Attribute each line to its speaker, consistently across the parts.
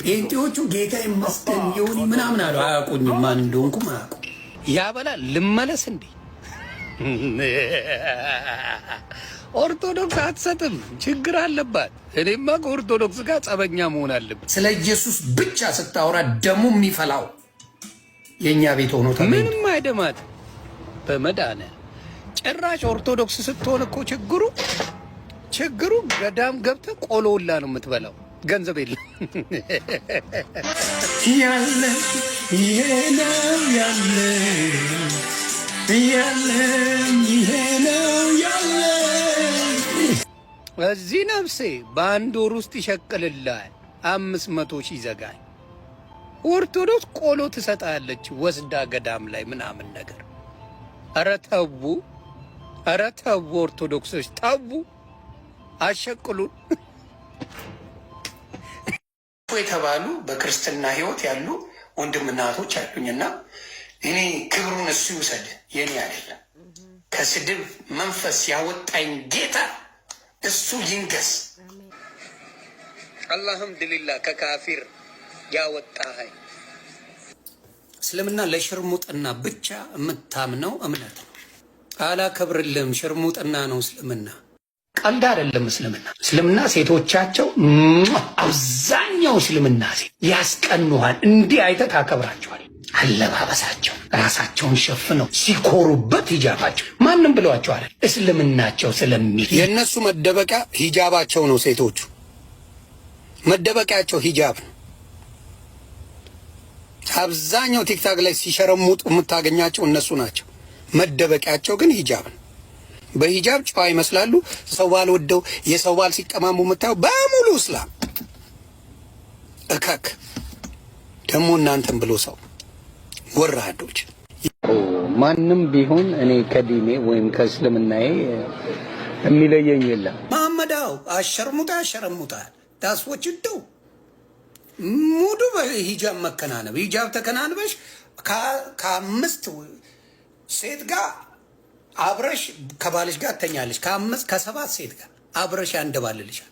Speaker 1: ጴንጤዎቹ ጌታ ይመስገን የሆኒ ምናምን አሉ። አያውቁኝም፣ ማን እንደሆንኩም አያውቁም።
Speaker 2: ያበላል ልመለስ እንዴ? ኦርቶዶክስ አትሰጥም፣ ችግር አለባት። እኔማ ከኦርቶዶክስ ጋር ጸበኛ መሆን አለብን።
Speaker 1: ስለ ኢየሱስ ብቻ ስታወራ ደግሞ የሚፈላው የእኛ ቤት ሆኖ
Speaker 2: ምንም አይደማት በመዳነ ጭራሽ ኦርቶዶክስ ስትሆን እኮ ችግሩ ችግሩ ገዳም ገብተ ቆሎ ሁላ ነው የምትበላው። ገንዘብ የለም ያለ ይሄ ነው ያለ ይሄ ነው ያለ እዚህ ነፍሴ በአንድ ወር ውስጥ ይሸቅልላል አምስት መቶ ሺህ ይዘጋል። ኦርቶዶክስ ቆሎ ትሰጣለች ወስዳ ገዳም ላይ ምናምን ነገር። ኧረ ተዉ፣ ኧረ ተዉ፣ ኦርቶዶክሶች ተዉ፣ አሸቅሉን
Speaker 1: የተባሉ በክርስትና ህይወት ያሉ ወንድም እህቶች አሉኝ እና እኔ ክብሩን እሱ ይውሰድ፣ የኔ አይደለም። ከስድብ መንፈስ ያወጣኝ ጌታ እሱ ይንገስ።
Speaker 2: አልሐምዱሊላህ ከካፊር ያወጣኸኝ። እስልምና ለሽርሙጥና ብቻ የምታምነው እምነት ነው። አላከብርልም፣ ሽርሙጥና ነው እስልምና። ቀልድ አይደለም። እስልምና እስልምና ሴቶቻቸው አብዛኛው እስልምና ሴት ያስቀኑሃል። እንዲህ አይተህ ታከብራቸዋል። አለባበሳቸው ራሳቸውን ሸፍነው ሲኮሩበት ሂጃባቸው ማንም ብለዋቸዋል። እስልምናቸው ስለሚል
Speaker 1: የእነሱ መደበቂያ ሂጃባቸው ነው። ሴቶቹ መደበቂያቸው ሂጃብ ነው። አብዛኛው ቲክታክ ላይ ሲሸረሙጡ የምታገኛቸው እነሱ ናቸው። መደበቂያቸው ግን ሂጃብ ነው። በሂጃብ ጨዋ ይመስላሉ። ሰው ባል ወደው የሰው ባል ሲቀማሙ የምታየው በሙሉ እስላም እከክ ደግሞ እናንተም ብሎ ሰው ወራዶች።
Speaker 3: ማንም ቢሆን እኔ ከዲኔ ወይም ከእስልምናዬ የሚለየኝ የለም።
Speaker 2: መሐመዳው አሸርሙጣ አሸረሙጣል ዳስዎች እንደው ሙሉ በሂጃብ መከናነብ ሂጃብ ተከናንበሽ ከአምስት ሴት ጋር አብረሽ ከባልሽ ጋር ተኛለሽ ከአምስት ከሰባት ሴት ጋር አብረሽ ያንደባልልሻል።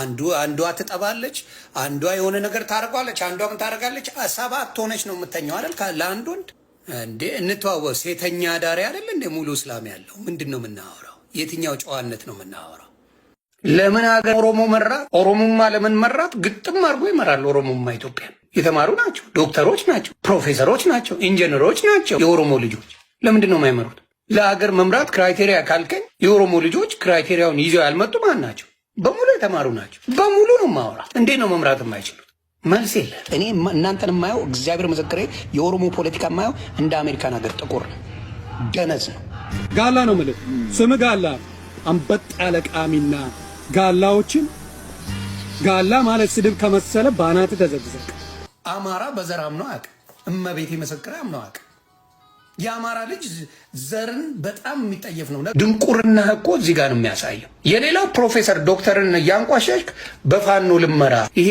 Speaker 2: አንዱ አንዷ ትጠባለች፣ አንዷ የሆነ ነገር ታደርጓለች፣ አንዷ ምን ታደርጋለች። ሰባት ሆነች ነው የምተኛው አይደል? ለአንድ ወንድ እንዴ እንተዋወ ሴተኛ ዳሪ አይደል እንደ ሙሉ እስላም ያለው ምንድን ነው የምናወራው? የትኛው ጨዋነት ነው የምናወራው? ለምን ሀገር ኦሮሞ መራት? ኦሮሞማ ለምን መራት? ግጥም አድርጎ ይመራል ኦሮሞማ ኢትዮጵያ የተማሩ ናቸው፣ ዶክተሮች ናቸው፣ ፕሮፌሰሮች ናቸው፣ ኢንጂነሮች ናቸው። የኦሮሞ ልጆች ለምንድን ነው የማይመሩት? ለሀገር መምራት ክራይቴሪያ ካልከኝ የኦሮሞ ልጆች ክራይቴሪያውን ይዘው ያልመጡ ማን ናቸው? በሙሉ የተማሩ ናቸው። በሙሉ ነው ማውራት። እንዴት ነው መምራት የማይችሉት? መልስ የለ። እኔ እናንተን የማየው እግዚአብሔር ምስክሬ፣ የኦሮሞ ፖለቲካ የማየው እንደ አሜሪካን ሀገር ጥቁር ነው፣ ደነዝ ነው።
Speaker 4: ጋላ ነው የምልህ ስም ጋላ፣ አንበጣ ለቃሚና ጋላዎችን ጋላ ማለት ስድብ ከመሰለ በአናት ተዘግዘቅ።
Speaker 2: አማራ በዘር አምነው አቅ እመቤት የመሰክረ አምነው አቅ የአማራ ልጅ ዘርን በጣም የሚጠየፍ ነው። ድንቁርና እኮ እዚህ ጋር ነው የሚያሳየው። የሌላው ፕሮፌሰር ዶክተርን እያንቋሸሽክ በፋኖ ልመራ ይሄ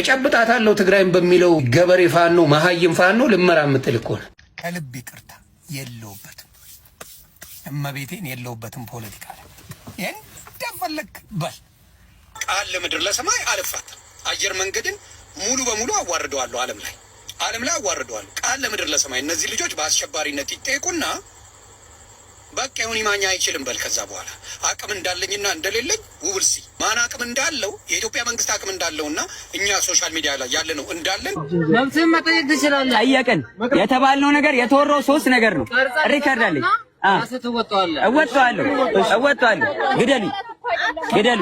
Speaker 2: እጨብጣታለሁ ትግራይን በሚለው ገበሬ ፋኖ መሀይም ፋኖ ልመራ የምትል እኮ ነው። ከልብ ይቅርታ የለውበትም፣ እመቤቴን የለውበትም። ፖለቲካ ይህን እንደፈለግ በል ቃል ለምድር ለሰማይ አልፋት አየር መንገድን ሙሉ በሙሉ አዋርደዋለሁ አለም ላይ ዓለም ላይ አዋርደዋል። ቃል ለምድር ለሰማይ እነዚህ ልጆች በአስቸባሪነት ይጠየቁና በቃ ይሁን ይማኛ አይችልም በል። ከዛ በኋላ አቅም እንዳለኝና እንደሌለኝ ውብልሲ ማን አቅም እንዳለው የኢትዮጵያ መንግስት አቅም እንዳለው እና እኛ ሶሻል ሚዲያ ላይ ያለ ነው እንዳለን
Speaker 5: መብትህን መጠየቅ ትችላለህ። ጠየቅን የተባልነው ነገር የተወራው ሶስት ነገር ነው። ሪከርድ አለኝ። እወጣዋለሁ፣ እወጣዋለሁ፣ ግደሉኝ ግደሉ፣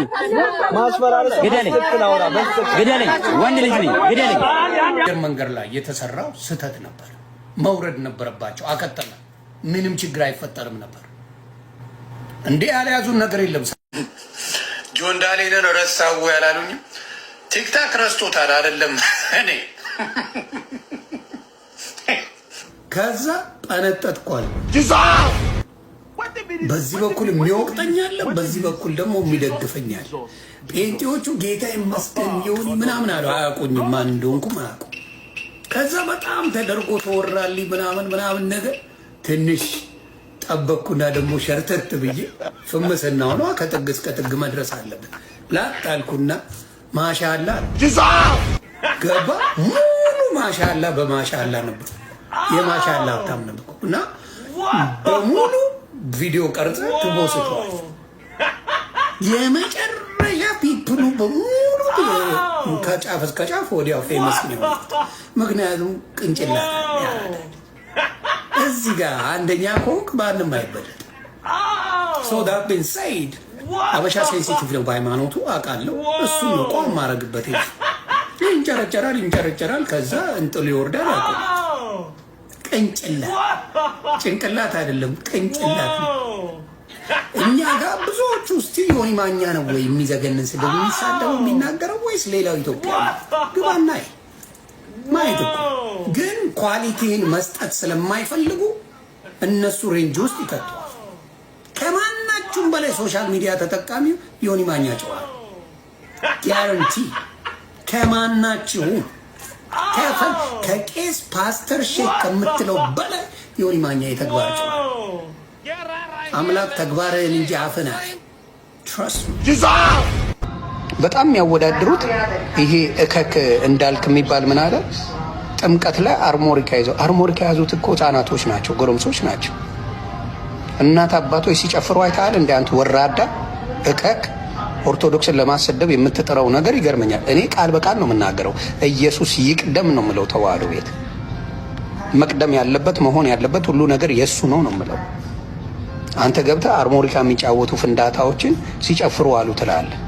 Speaker 5: ግደለኝ፣ ወንድ ልጅ ነኝ፣ ግደለኝ።
Speaker 2: አየር መንገድ ላይ የተሰራው ስህተት ነበር፣ መውረድ ነበረባቸው። አቀጠለ፣ ምንም ችግር አይፈጠርም ነበር። እንዲህ ያልያዙን ነገር የለም።
Speaker 1: ጆን ዳሌንን ረሳው ያላሉኝ ቲክታክ ረስቶታል አይደለም እኔ
Speaker 2: ከዛ ጠነጠጥኳል በዚህ በኩል የሚወቅጠኝ አለ፣ በዚህ በኩል ደግሞ የሚደግፈኛል። አለ። ጴንጤዎቹ ጌታ ይመስገን የሆነ ምናምን አለ። አያውቁኝም፣ ማን እንደሆንኩም አያውቁም። ከዛ በጣም ተደርጎ ተወራልኝ ምናምን ምናምን ነገር ትንሽ ጠበቅኩና ደግሞ ሸርተት ብዬ ፍምስና ሆነ ከጥግ እስከ ጥግ መድረስ አለብን ላጣልኩና ማሻላ ገባ ሙሉ ማሻላ በማሻላ ነበር የማሻላ ሀብታም ነበር እና በሙሉ ቪዲዮ ቀርጽ ቀርጸ ትቦስቷል። የመጨረሻ ፒፕሉ በሙሉ ከጫፍ እስከ ጫፍ ወዲያው ፌመስ ነው። ምክንያቱም ቅንጭላት እዚህ ጋር አንደኛ ኮንክ ማንም አይበደል። ሶ ዳት ቢን ሰይድ አበሻ ሴንሲቲቭ ነው በሃይማኖቱ አውቃለሁ። እሱን ነው ቋም ማድረግበት። ይንጨረጨራል ይንጨረጨራል፣ ከዛ እንጥሉ ይወርዳል። ቅንጭላት ጭንቅላት አይደለም ቅንጭላት እኛ ጋር ብዙዎቹ እስቲ ዮኒ ማኛ ነው ወይ የሚዘገንን የሚናገረው ወይስ ሌላው ኢትዮጵያ ግባና ማየት እኮ ግን ኳሊቲን መስጠት ስለማይፈልጉ እነሱ ሬንጅ ውስጥ ይከተዋል። ከማናችሁም በላይ ሶሻል ሚዲያ ተጠቃሚው ዮኒ ማኛ ጨዋል ጋራንቲ ከማናችሁም ከፈል ከቄስ ፓስተር ፓስተርሺፕ ከምትለው በላይ የሆነ ማኛ የተግባር ጭ አምላክ ተግባርህን እንጂ አፍና በጣም የሚያወዳድሩት ይሄ እከክ እንዳልክ የሚባል ምን አለ ጥምቀት ላይ አርሞሪካ ይዘው አርሞሪካ የያዙት እኮ ህጻናቶች ናቸው፣ ጎረምሶች ናቸው። እናት አባቶች ሲጨፍሩ አይተሃል? እንደ አንተ ወራዳ እከክ ኦርቶዶክስን ለማሰደብ የምትጥረው ነገር ይገርመኛል። እኔ ቃል በቃል ነው የምናገረው። ኢየሱስ ይቅደም ነው የምለው። ተዋህዶ ቤት መቅደም ያለበት መሆን ያለበት ሁሉ ነገር የእሱ ነው ነው የምለው። አንተ ገብተህ አርሞሪካ የሚጫወቱ ፍንዳታዎችን ሲጨፍሩ አሉ ትላለህ።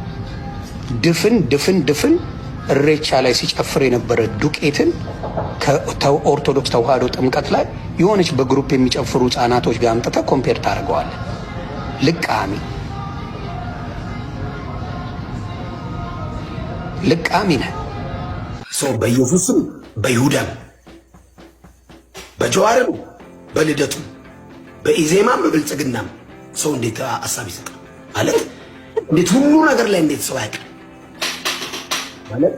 Speaker 2: ድፍን ድፍን ድፍን እሬቻ ላይ ሲጨፍር የነበረ ዱቄትን ከኦርቶዶክስ ተዋህዶ ጥምቀት ላይ የሆነች በግሩፕ የሚጨፍሩ ህጻናቶች ጋር አምጥተህ ኮምፔር ታደርገዋለህ። ልቃሚ ልቃሚ ይላል ሰው በኢየሱስም በይሁዳም በጀዋርም በልደቱም በኢዜማም በብልጽግናም ሰው እንዴት ሀሳብ ይሰጣል ማለት እንዴት ሁሉ ነገር ላይ እንዴት ሰው ያውቃል ማለት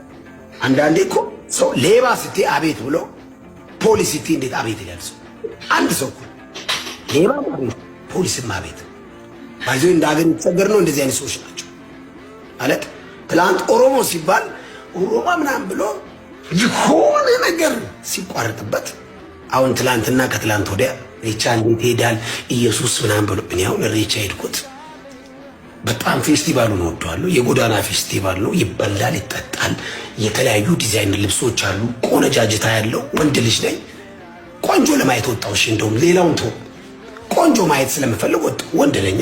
Speaker 2: አንዳንዴ እኮ ሰው ሌባ ስትይ አቤት ብሎ ፖሊስ ስትይ እንዴት አቤት ይላል ሰው አንድ ሰው እኮ ሌባም አቤት ፖሊስም አቤት ባይዞ እንደ ሀገር የተቸገር ነው እንደዚህ አይነት ሰዎች ናቸው ማለት ትላንት ኦሮሞ ሲባል ኦሮማ ምናምን ብሎ የሆነ ነገር ሲቋረጥበት አሁን ትላንትና ከትላንት ወዲያ ሬቻ እንዴት ይሄዳል ኢየሱስ ምናምን ብሎብኝ፣ አሁን ሬቻ ሄድኩት። በጣም ፌስቲቫሉን ወደዋለሁ። የጎዳና ፌስቲቫል ነው። ይበላል፣ ይጠጣል። የተለያዩ ዲዛይን ልብሶች አሉ። ቆነጃጅታ ያለው ወንድ ልጅ ነኝ። ቆንጆ ለማየት ወጣው። እሺ እንደውም ሌላውን ተው፣ ቆንጆ ማየት ስለምፈልግ ወጣው። ወንድ ነኛ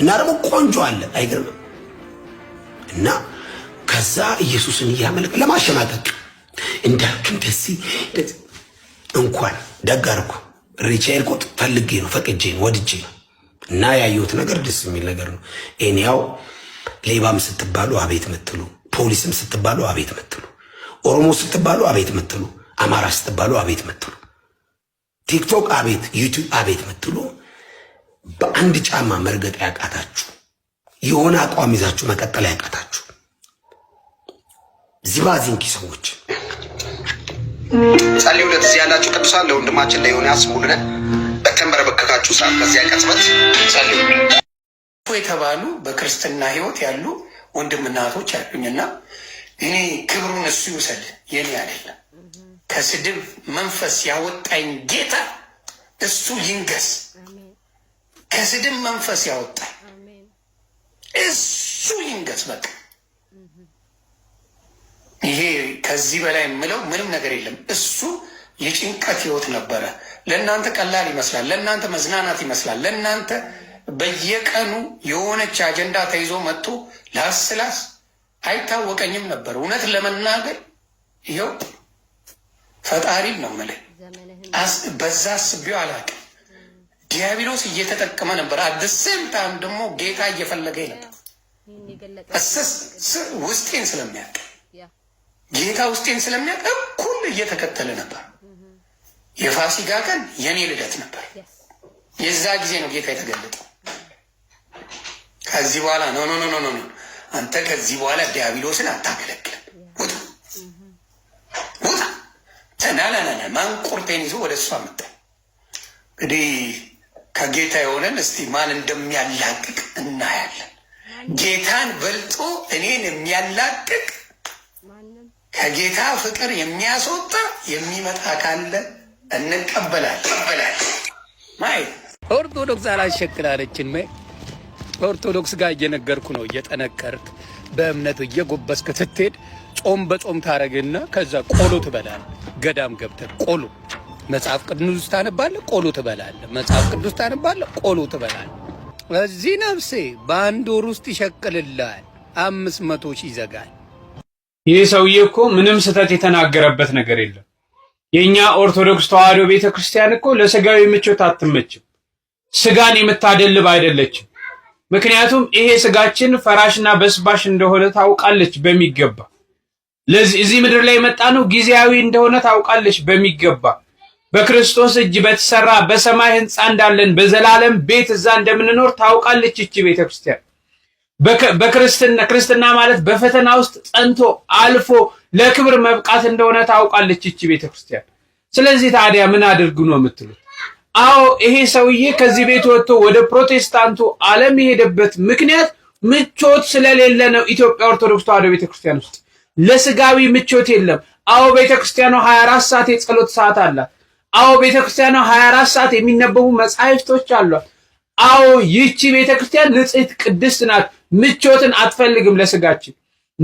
Speaker 2: እና ደግሞ ቆንጆ አለ። አይገርምም? እና ከዛ ኢየሱስን እያመልክ ለማሸማቀቅ እንዳልክ እንደዚህ እንኳን ደጋርኩ ሪቻይል ፈልጌ ነው ፈቅጄ ነው ወድጄ ነው እና ያየሁት ነገር ደስ የሚል ነገር ነው። እኔያው ሌባም ስትባሉ አቤት ምትሉ፣ ፖሊስም ስትባሉ አቤት ምትሉ፣ ኦሮሞ ስትባሉ አቤት ምትሉ፣ አማራ ስትባሉ አቤት ምትሉ፣ ቲክቶክ አቤት፣ ዩቲዩብ አቤት ምትሉ፣ በአንድ ጫማ መርገጥ ያቃታችሁ የሆነ አቋም ይዛችሁ መቀጠል ያቃታችሁ ዚባዚንኪ ሰዎች
Speaker 1: ጸልዩለት። እዚህ ያላችሁ ቅዱሳን ለወንድማችን ለዮኒ አስቡልን። በከንበረ በከካችሁ ሰዓት በዚያ ቀጽበት ጸልዩ የተባሉ በክርስትና ህይወት ያሉ ወንድምናቶች አሉኝና እኔ ክብሩን እሱ ይውሰድ፣ የኔ አይደለም። ከስድብ መንፈስ ያወጣኝ ጌታ እሱ ይንገስ። ከስድብ መንፈስ ያወጣኝ እሱ ይንገስ በቃ። ይሄ ከዚህ በላይ የምለው ምንም ነገር የለም። እሱ የጭንቀት ህይወት ነበረ። ለእናንተ ቀላል ይመስላል፣ ለእናንተ መዝናናት ይመስላል። ለእናንተ በየቀኑ የሆነች አጀንዳ ተይዞ መጥቶ ላስላስ አይታወቀኝም ነበር። እውነት ለመናገር ይኸው ፈጣሪም ነው የምልህ፣ በዛ አስቤው አላውቅም። ዲያብሎስ እየተጠቀመ ነበር። አዲስ ታም ደግሞ ጌታ እየፈለገ ነበር። ውስጤን ስለሚያውቅ ጌታ ውስጤን ስለሚያውቅ እኩል እየተከተለ ነበር። የፋሲካ ቀን የኔ ልደት ነበር። የዛ ጊዜ ነው ጌታ የተገለጠው። ከዚህ በኋላ ኖ ኖ ኖ ኖ አንተ ከዚህ በኋላ ዲያብሎስን አታገለግልም፣ ውጣ ውጣ ተናናናና ማንቁርቴን ይዞ ወደ እሷ መጣ እንግዲህ ከጌታ የሆነን እስቲ ማን እንደሚያላቅቅ እናያለን። ጌታን በልጦ እኔን የሚያላቅቅ ከጌታ ፍቅር የሚያስወጣ የሚመጣ ካለ እንቀበላለን። ማይ
Speaker 2: ኦርቶዶክስ አላሸክላለችን መ ኦርቶዶክስ ጋር እየነገርኩ ነው። እየጠነከርክ በእምነት እየጎበስክ ስትሄድ ጾም በጾም ታደርግና ከዛ ቆሎ ትበላል። ገዳም ገብተን ቆሎ መጽሐፍ ቅዱስ ታነባለህ፣ ቆሎ ትበላለህ። መጽሐፍ ቅዱስ ታነባለህ፣ ቆሎ ትበላለህ። እዚህ ነፍሴ በአንድ ወር ውስጥ ይሸቅልልሃል፣ አምስት መቶ ሺህ ይዘጋል። ይህ ሰውዬ እኮ ምንም ስህተት የተናገረበት ነገር የለም። የእኛ ኦርቶዶክስ ተዋህዶ ቤተ ክርስቲያን እኮ ለስጋዊ ምቾት አትመችም። ስጋን የምታደልብ አይደለችም። ምክንያቱም ይሄ ስጋችን ፈራሽና በስባሽ እንደሆነ ታውቃለች በሚገባ። ለዚህ እዚህ ምድር ላይ የመጣ ነው ጊዜያዊ እንደሆነ ታውቃለች በሚገባ በክርስቶስ እጅ በተሰራ በሰማይ ህንፃ እንዳለን በዘላለም ቤት እዛ እንደምንኖር ታውቃለች እቺ ቤተክርስቲያን። በክርስትና ክርስትና ማለት በፈተና ውስጥ ጸንቶ አልፎ ለክብር መብቃት እንደሆነ ታውቃለች እቺ ቤተክርስቲያን። ስለዚህ ታዲያ ምን አድርጉ ነው የምትሉት? አዎ ይሄ ሰውዬ ከዚህ ቤት ወጥቶ ወደ ፕሮቴስታንቱ ዓለም የሄደበት ምክንያት ምቾት ስለሌለ ነው። ኢትዮጵያ ኦርቶዶክስ ተዋህዶ ቤተክርስቲያን ውስጥ ለስጋዊ ምቾት የለም። አዎ ቤተክርስቲያኗ 24 ሰዓት የጸሎት ሰዓት አላት። አዎ ቤተክርስቲያኗ 24 ሰዓት የሚነበቡ መጻሕፍቶች አሏት። አዎ ይቺ ቤተክርስቲያን ንጽሕት ቅድስት ናት። ምቾትን አትፈልግም ለስጋችን።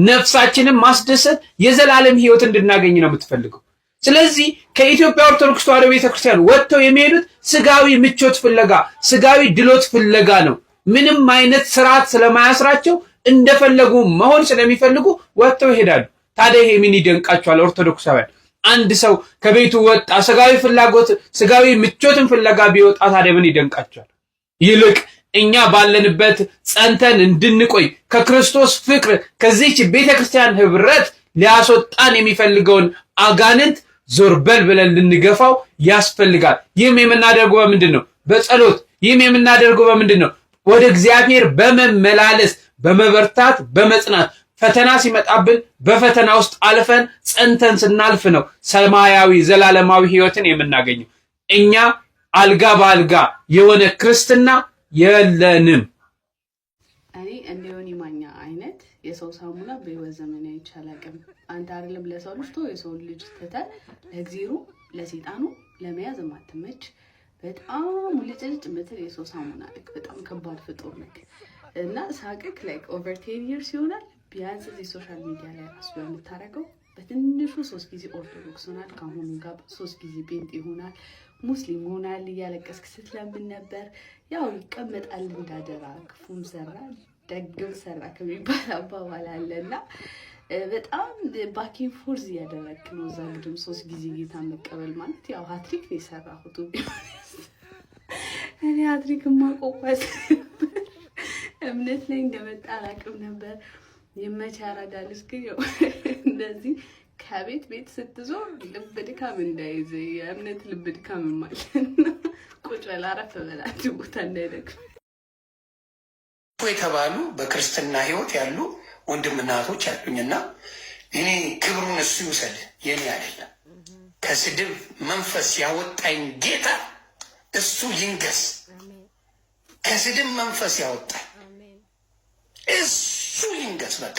Speaker 2: ነፍሳችንም ማስደሰት የዘላለም ህይወት እንድናገኝ ነው የምትፈልገው። ስለዚህ ከኢትዮጵያ ኦርቶዶክስ ተዋሕዶ ቤተክርስቲያን ወጥተው የሚሄዱት ስጋዊ ምቾት ፍለጋ፣ ስጋዊ ድሎት ፍለጋ ነው። ምንም አይነት ስርዓት ስለማያስራቸው እንደፈለጉ መሆን ስለሚፈልጉ ወጥተው ይሄዳሉ። ታዲያ ይሄ ምን ይደንቃቸዋል ኦርቶዶክሳውያን? አንድ ሰው ከቤቱ ወጣ ስጋዊ ፍላጎት ስጋዊ ምቾትን ፍለጋ ቢወጣ ታዲያ ምን ይደንቃቸዋል? ይልቅ እኛ ባለንበት ጸንተን እንድንቆይ ከክርስቶስ ፍቅር ከዚች ቤተ ክርስቲያን ህብረት ሊያስወጣን የሚፈልገውን አጋንንት ዞር በል ብለን ልንገፋው ያስፈልጋል። ይህም የምናደርገው በምንድን ነው? በጸሎት። ይህም የምናደርገው በምንድን ነው? ወደ እግዚአብሔር በመመላለስ በመበርታት በመጽናት ፈተና ሲመጣብን በፈተና ውስጥ አልፈን ጸንተን ስናልፍ ነው ሰማያዊ ዘላለማዊ ህይወትን የምናገኘው። እኛ አልጋ በአልጋ የሆነ ክርስትና የለንም።
Speaker 6: እኔ እንደ ማኛ አይነት የሰው ሳሙና በህይወት ዘመን አይቻላቅም። አንተ አይደለም ለሰው ልጅ ቶ የሰው ልጅ ትተህ ለእግዚሩ ለሴጣኑ ለመያዝ ማትመች በጣም ሙልጭልጭ ምትል የሰው ሳሙና በጣም ከባድ ፍጡር ነክ እና ሳቅክ ላይክ ኦቨር ቴን ይርስ ይሆናል ቢያንስ እዚህ ሶሻል ሚዲያ ላይ ራሱ በምታደርገው በትንሹ ሶስት ጊዜ ኦርቶዶክስ ሆናል፣ ከአሁኑ ጋር ሶስት ጊዜ ጴንጤ ይሆናል፣ ሙስሊም ሆናል እያለቀስክ ስትለምን ነበር። ያው ይቀመጣል እንዳደራ ክፉም ሰራ ደግም ሰራ ከሚባል አባባል አለ አለና በጣም ባኪን ፎርዝ እያደረግክ ነው። እዛ ግድም ሶስት ጊዜ ጌታ መቀበል ማለት ያው ሀትሪክ ነው የሰራሁት። እኔ ሀትሪክ ማቆቋት እምነት ላይ እንደመጣ አላቅም ነበር። የመቻ ያረዳል ግን ያው እንደዚህ ከቤት ቤት ስትዞር ልብ ድካም እንዳይዝ የእምነት ልብ ድካም ነው። ቁጭ በል አረፍ በል አንድ ቦታ እንዳይደግም
Speaker 1: የተባሉ በክርስትና ህይወት ያሉ ወንድም እናቶች አሉኝና እኔ ክብሩን እሱ ይውሰድ፣ የኔ አይደለም። ከስድብ መንፈስ ያወጣኝ ጌታ እሱ ይንገስ። ከስድብ መንፈስ ያወጣኝ እሱ ድንገት በቃ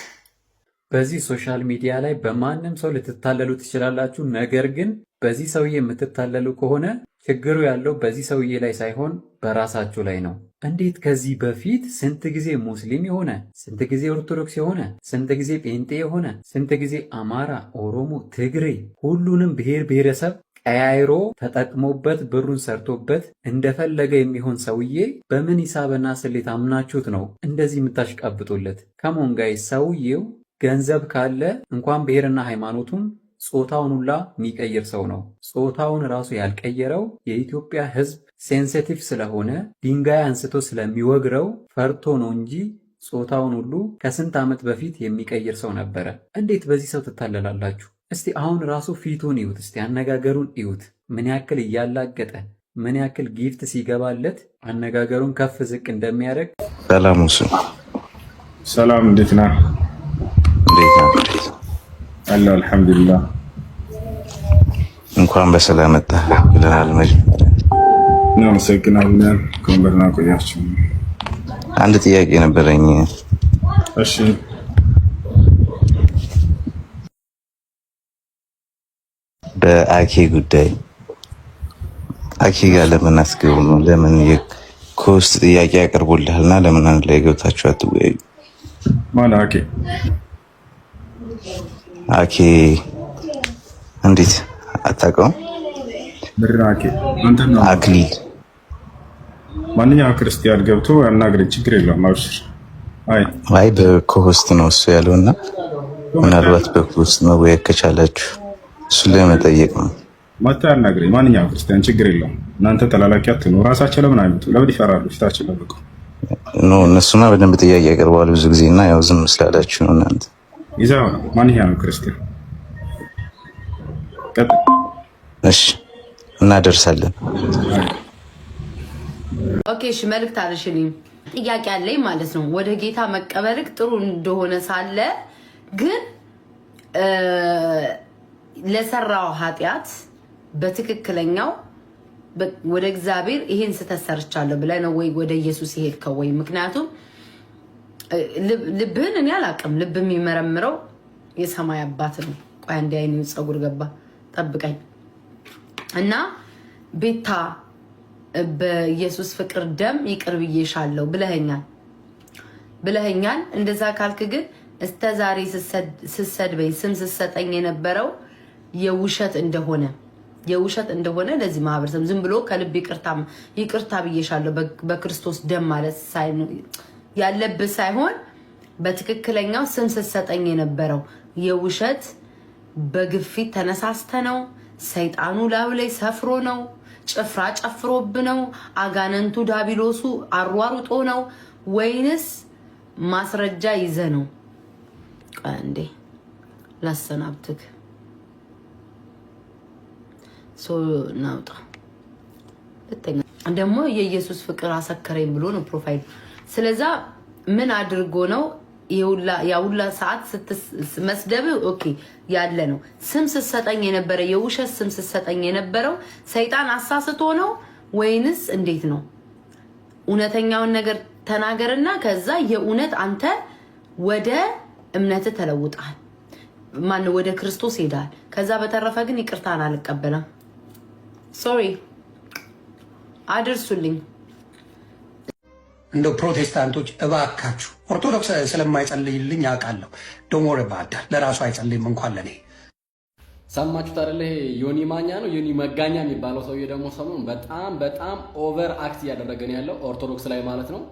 Speaker 2: በዚህ ሶሻል ሚዲያ ላይ በማንም ሰው ልትታለሉ ትችላላችሁ። ነገር ግን በዚህ ሰውዬ የምትታለሉ ከሆነ ችግሩ ያለው በዚህ ሰውዬ ላይ ሳይሆን በራሳችሁ ላይ ነው። እንዴት ከዚህ በፊት ስንት ጊዜ ሙስሊም የሆነ ስንት ጊዜ ኦርቶዶክስ የሆነ ስንት ጊዜ ጴንጤ የሆነ ስንት ጊዜ አማራ፣ ኦሮሞ፣ ትግሬ ሁሉንም ብሔር ብሔረሰብ ቀያይሮ ተጠቅሞበት ብሩን ሰርቶበት እንደፈለገ የሚሆን ሰውዬ በምን ሂሳብና ስሌት አምናችሁት ነው እንደዚህ የምታሽቃብጡለት? ከሞን ጋይ ሰውዬው ገንዘብ ካለ እንኳን ብሔርና ሃይማኖቱን ጾታውን ሁላ የሚቀይር ሰው ነው። ጾታውን ራሱ ያልቀየረው የኢትዮጵያ ሕዝብ ሴንሲቲቭ ስለሆነ ድንጋይ አንስቶ ስለሚወግረው ፈርቶ ነው እንጂ ጾታውን ሁሉ ከስንት ዓመት በፊት የሚቀይር ሰው ነበረ። እንዴት በዚህ ሰው ትታለላላችሁ? እስቲ አሁን ራሱ ፊቱን ይዩት፣ እስቲ አነጋገሩን ይዩት። ምን ያክል እያላገጠ ምን ያክል ጊፍት ሲገባለት አነጋገሩን ከፍ ዝቅ እንደሚያደርግ።
Speaker 7: ሰላም እሱ
Speaker 8: ሰላም፣ እንዴት ና
Speaker 7: እንዴት ነህ?
Speaker 8: አልሐምዱሊላህ።
Speaker 7: እንኳን በሰላም መጣህ ብለናል። መ
Speaker 8: እናመሰግናለን። ከንበርና ቆያችሁ።
Speaker 7: አንድ ጥያቄ ነበረኝ። እሺ በአኬ ጉዳይ አኬ ጋር ለምን አስገቡ ነው? ለምን የኮስት ጥያቄ ያቀርቡልሃል ለምን አንድ ላይ ገብታችሁ አትወያዩ? ማለ አኬ አኬ እንዴት አታውቀውም? አክሊል
Speaker 8: ማንኛውም ክርስቲያን ገብቶ ያናግረኝ፣ ችግር የለውም። አብሽር።
Speaker 7: አይ በኮሆስት ነው እሱ ያለው እና ምናልባት በኮሆስት መወያየት ከቻላችሁ እሱን ለመጠየቅ ነው።
Speaker 8: መታ ያናግረኝ ማንኛው ክርስቲያን ችግር የለውም። እናንተ ተላላኪ ነው ራሳቸው ለምን አይመጡ? ለምን ይፈራሉ? ፊታችን ለብቁ
Speaker 7: ኖ እነሱማ በደንብ ጥያቄ ያቀርበዋል ብዙ ጊዜ እና ያው ዝም ስላላችሁ ነው እናንተ
Speaker 8: ይዛ ነው ማንኛውም ክርስቲያን
Speaker 7: እሺ፣ እናደርሳለን።
Speaker 9: ኦኬ እሺ፣ መልዕክት አልሽልኝ። ጥያቄ አለኝ ማለት ነው። ወደ ጌታ መቀበልክ ጥሩ እንደሆነ ሳለ ግን ለሰራው ኃጢአት በትክክለኛው ወደ እግዚአብሔር ይሄን ስህተት ሰርቻለሁ ብለህ ነው ወይ ወደ ኢየሱስ የሄድከው? ወይ ምክንያቱም ልብህን እኔ አላውቅም። ልብ የሚመረምረው የሰማይ አባት ነው። ቆይ አንዴ አይኔ ፀጉር ገባ፣ ጠብቀኝ እና ቤታ በኢየሱስ ፍቅር ደም ይቅር ብዬሻለሁ ብለኸኛል ብለኸኛል። እንደዛ ካልክ ግን እስከ ዛሬ ስሰድበኝ ስም ስሰጠኝ የነበረው የውሸት እንደሆነ የውሸት እንደሆነ ለዚህ ማህበረሰብ ዝም ብሎ ከልብ ይቅርታ ብዬሻለሁ በክርስቶስ ደም ማለት ያለብህ ሳይሆን በትክክለኛው ስም ስትሰጠኝ የነበረው የውሸት በግፊት ተነሳስተ ነው። ሰይጣኑ ላዩ ላይ ሰፍሮ ነው። ጭፍራ ጨፍሮብ ነው። አጋነንቱ ዳቢሎሱ አሯሩጦ ነው ወይንስ ማስረጃ ይዘ ነው? እንዴ ላሰናብትክ ሰው እናውጣ። ሁለተኛ ደግሞ የኢየሱስ ፍቅር አሰከረኝ ብሎ ነው ፕሮፋይል። ስለዛ ምን አድርጎ ነው የሁላ ሰዓት መስደብ? ኦኬ ያለ ነው። ስም ስትሰጠኝ የነበረ የውሸት ስም ስትሰጠኝ የነበረው ሰይጣን አሳስቶ ነው ወይንስ እንዴት ነው? እውነተኛውን ነገር ተናገርና ከዛ የእውነት አንተ ወደ እምነት ተለውጣል። ማን ወደ ክርስቶስ ሄዳል። ከዛ በተረፈ ግን ይቅርታን አልቀበለም። ሶሪ አድርሱልኝ።
Speaker 2: እንደው ፕሮቴስታንቶች እባካችሁ፣ ኦርቶዶክስ ስለማይጸልይልኝ አውቃለሁ። ዶሞር ባዳ ለራሱ አይጸልይም እንኳን ለኔ። ሰማችሁት አይደለ? ይሄ ዮኒ ማኛ ነው ዮኒ መጋኛ የሚባለው ሰውዬ ደግሞ ሰሞኑን በጣም በጣም ኦቨር አክት እያደረገ ያለው ኦርቶዶክስ ላይ ማለት ነው።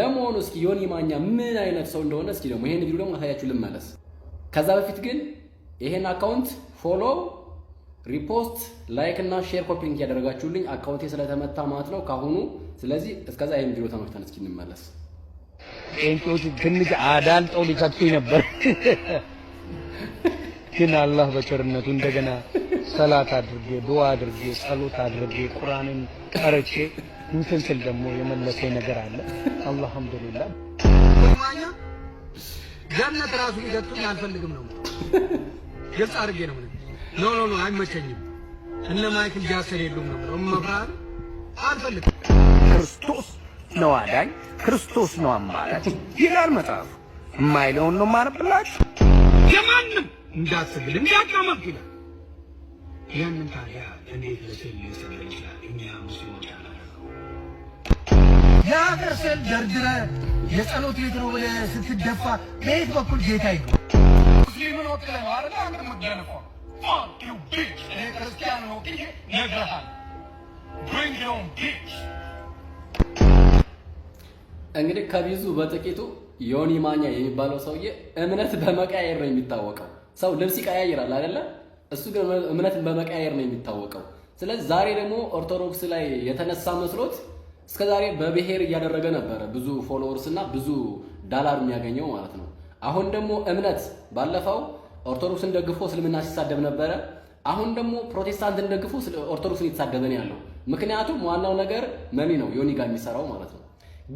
Speaker 2: ለመሆኑ እስኪ ዮኒ ማኛ ምን አይነት ሰው እንደሆነ እስኪ ደግሞ ይሄን ቪዲዮ ደግሞ ላሳያችሁ ልመለስ። ከዛ በፊት ግን ይሄን አካውንት ፎሎው ሪፖስት፣ ላይክ እና ሼር ኮፒንግ ያደረጋችሁልኝ አካውንቴ ስለተመታ ማለት ነው ካሁኑ። ስለዚህ እስከዛ ይህን ቪዲዮ ተመልክተን እስኪ እንመለስ።
Speaker 3: ጴንጤዎቹ ትንሽ አዳልጠው ሊከቱኝ ነበር፣ ግን አላህ በቸርነቱ እንደገና ሰላት አድርጌ ዱዓ አድርጌ ጸሎት አድርጌ ቁርአንን ቀርቼ እንትን ስል ደግሞ የመለሰ ነገር አለ። አልሐምዱሊላህ
Speaker 2: ገነት ራሱ ሊከቱኝ አልፈልግም ነው ግልጽ አድርጌ ነው ኖ ኖ ኖ አይመቸኝም። እነ ማይክል ጃክሰን የሉም ነው መፍራት አልፈልግም። ክርስቶስ ነው አዳኝ፣ ክርስቶስ ነው አማራጭ ይላል መጽሐፉ። የማይለውን ነው ማነብላችሁ። የማንም እንዳትስግድ እንዳታመልክ ይላል። ያንን ታዲያ እንዴት ለስል ሊሰለ ይችላል? እኛ ብዙ ይወዳል የሀገር ስዕል ደርድረ የጸሎት ቤት ነው ብለህ ስትደፋ በየት በኩል ጌታ ይሉ ሙስሊምን ወክለ ነው አረ አንድ ምገነፏ Fuck you, bitch! እኔ ክርስቲያን ነው ብዬ ነግረሃል። ብሪንግ ዮን ቢች። እንግዲህ ከብዙ በጥቂቱ ዮኒ ማኛ የሚባለው ሰውዬ እምነት በመቀያየር ነው የሚታወቀው። ሰው ልብስ ይቀያይራል አይደለ? እሱ ግን እምነትን በመቀያየር ነው የሚታወቀው። ስለዚህ ዛሬ ደግሞ ኦርቶዶክስ ላይ የተነሳ መስሎት እስከዛሬ በብሔር እያደረገ ነበረ ብዙ ፎሎወርስ እና ብዙ ዳላር የሚያገኘው ማለት ነው። አሁን ደግሞ እምነት ባለፈው ኦርቶዶክስን ደግፎ እስልምና ሲሳደብ ነበረ። አሁን ደግሞ ፕሮቴስታንትን ደግፎ ኦርቶዶክስን እየተሳደበ ነው ያለው። ምክንያቱም ዋናው ነገር መኒ ነው ዮኒ ጋር የሚሰራው ማለት ነው።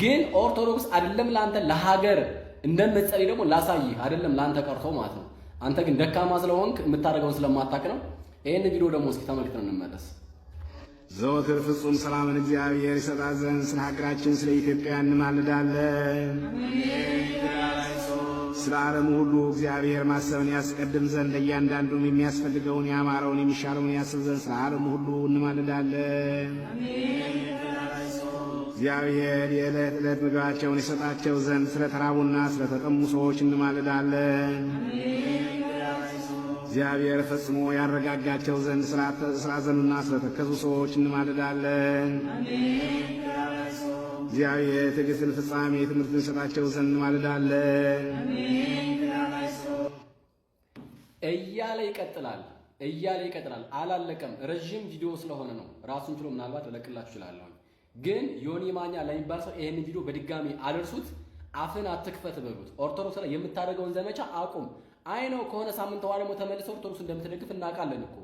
Speaker 2: ግን ኦርቶዶክስ አይደለም ለአንተ ለሀገር እንደምትጸልይ ደግሞ ላሳይህ አይደለም ለአንተ ቀርቶ ማለት ነው። አንተ ግን ደካማ ስለሆንክ የምታደርገውን ስለማታውቅ ነው። ይህን ቪዲዮ ደግሞ እስኪ ተመልክተን እንመለስ።
Speaker 1: ዘወትር ፍጹም ሰላምን እግዚአብሔር ይሰጣዘን። ስለ ሀገራችን ስለ ኢትዮጵያ እንማልዳለን። ስለ ዓለሙ ሁሉ እግዚአብሔር ማሰብን ያስቀድም ዘንድ እያንዳንዱም የሚያስፈልገውን ያማረውን የሚሻለውን ያስብ ዘንድ ስለ ዓለሙ ሁሉ እንማልዳለን። እግዚአብሔር የዕለት ዕለት ምግባቸውን የሰጣቸው ዘንድ ስለ ተራቡና ስለ ተጠሙ ሰዎች እንማልዳለን። እግዚአብሔር ፈጽሞ ያረጋጋቸው ዘንድ ስላዘኑና ስለተከዙ ሰዎች እንማልዳለን። እግዚአብሔር ትዕግስትን ፍጻሜ ትምህርትን ሰጣቸው ዘንድ ማልዳለን
Speaker 2: እያለ ይቀጥላል እያለ ይቀጥላል። አላለቀም። ረዥም ቪዲዮ ስለሆነ ነው ራሱን ችሎ ምናልባት እለቅላችሁ እችላለሁ። ግን ዮኒ ማኛ ለሚባል ሰው ይህንን ቪዲዮ በድጋሚ አደርሱት። አፍን አትክፈት በሉት። ኦርቶዶክስ ላይ የምታደርገውን ዘመቻ አቁም። አይነው ከሆነ ሳምንት በኋላ ደግሞ ተመልሰው ኦርቶዶክስ እንደምትደግፍ እናውቃለን እኮ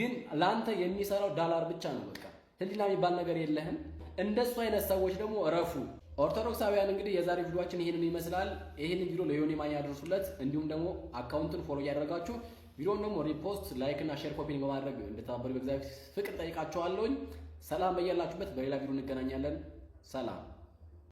Speaker 2: ግን ለአንተ የሚሰራው ዳላር ብቻ ነው። በቃ ህሊና የሚባል ነገር የለህም። እንደሱ አይነት ሰዎች ደግሞ ረፉ። ኦርቶዶክሳውያን እንግዲህ የዛሬ ቪዲዮችን ይህንን ይመስላል። ይህንን ቪዲዮ ለዮኒ ማኛ ያደርሱለት፣ እንዲሁም ደግሞ አካውንቱን ፎሎ እያደረጋችሁ ቪዲዮን ደግሞ ሪፖስት፣ ላይክ እና ሼር ኮፒን በማድረግ እንድትተባበሩ በእግዚአብሔር ፍቅር ጠይቃችኋለሁኝ። ሰላም በያላችሁበት። በሌላ ቪዲዮ እንገናኛለን። ሰላም